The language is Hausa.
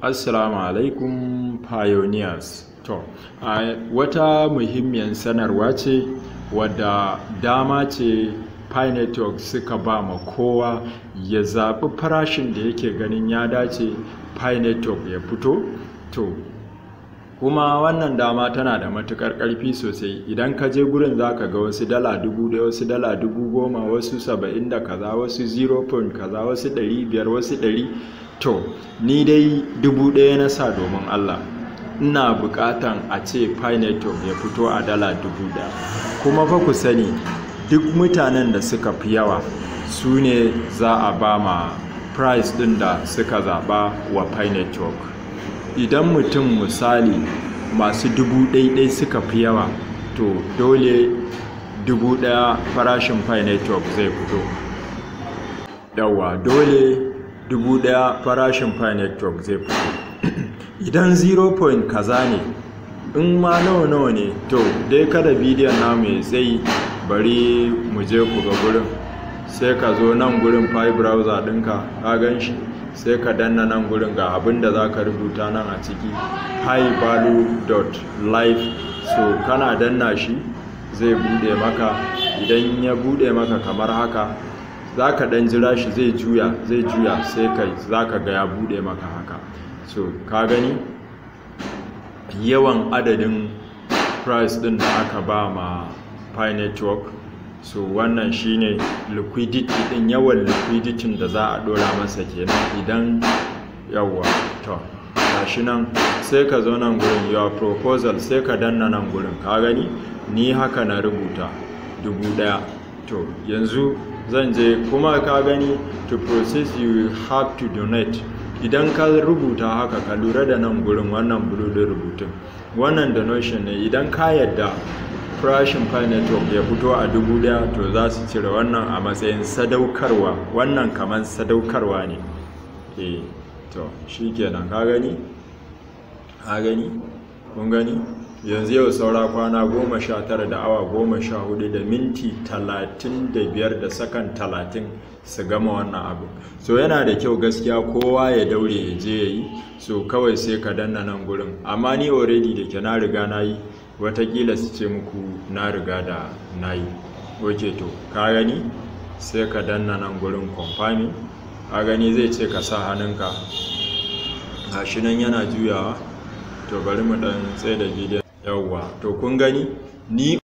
Assalamu alaikum pioneers. To, a wata muhimmiyar sanarwa ce wadda dama ce Pi suka ba ma kowa ya zaɓi farashin da yake ganin ya dace Pi ya fito. To, kuma wannan dama tana da matuƙar ƙarfi sosai idan ka je gurin za ka ga wasu dala dubu da wasu dala dubu goma wasu saba'in da kaza wasu zero point kaza wasu ɗari biyar wasu ɗari to ni dai dubu ɗaya na sa domin allah ina buƙatan a ce pinetom ya fito a dala dubu ɗaya kuma fa ku sani duk mutanen da suka fi yawa su ne za a ba ma price ɗin da suka zaɓa wa pinetom idan mutum misali masu dubu ɗaiɗai suka fi yawa to dole dubu ɗaya farashin fi network zai fito yawa dole dubu ɗaya farashin network zai fito idan 0 point kaza ne in ma nawa nawa ne to dai kada bidiyon namu ya zai bari mu je ku ga gurin sai ka zo nan gurin file browser ɗinka ka gan shi sai ka danna nan gurin ga abin da za ka rubuta nan a ciki highvalue.life so kana danna shi zai bude maka idan ya bude maka kamar haka za ka dan jira shi zai juya zai juya sai ka za ka ga ya bude maka haka so ka gani yawan adadin price din da aka ba ma pi network so wannan shine liquidity din yawan liquidity da za a dora masa kenan idan yawa to gashi nan sai ka zo nan gurin your proposal sai ka danna nan gurin ka gani ni haka na rubuta dubu daya to yanzu zan je kuma ka gani to process you have to donate idan ka rubuta haka ka lura da nan gurin wannan blue rubutun wannan donation ne idan ka yadda farashin fi network ya fito a dubu daya to za su cire wannan a matsayin sadaukarwa wannan kamar sadaukarwa ne e to shi kenan ka gani ka gani kun gani yanzu yau saura kwana goma sha tara da awa goma sha hudu da minti talatin da biyar da sakan talatin su gama wannan abu so yana da kyau gaskiya kowa ya daure ya je ya yi so kawai sai ka danna nan gurin amma ni already da ke na riga na yi watakila su ce muku na riga da na yi oke to ka gani sai ka danna nan gurin kwamfani ka gani zai ce ka sa hannunka shi nan yana juyawa to bari mu dan tsaye da bidiyon yawwa to kun gani ni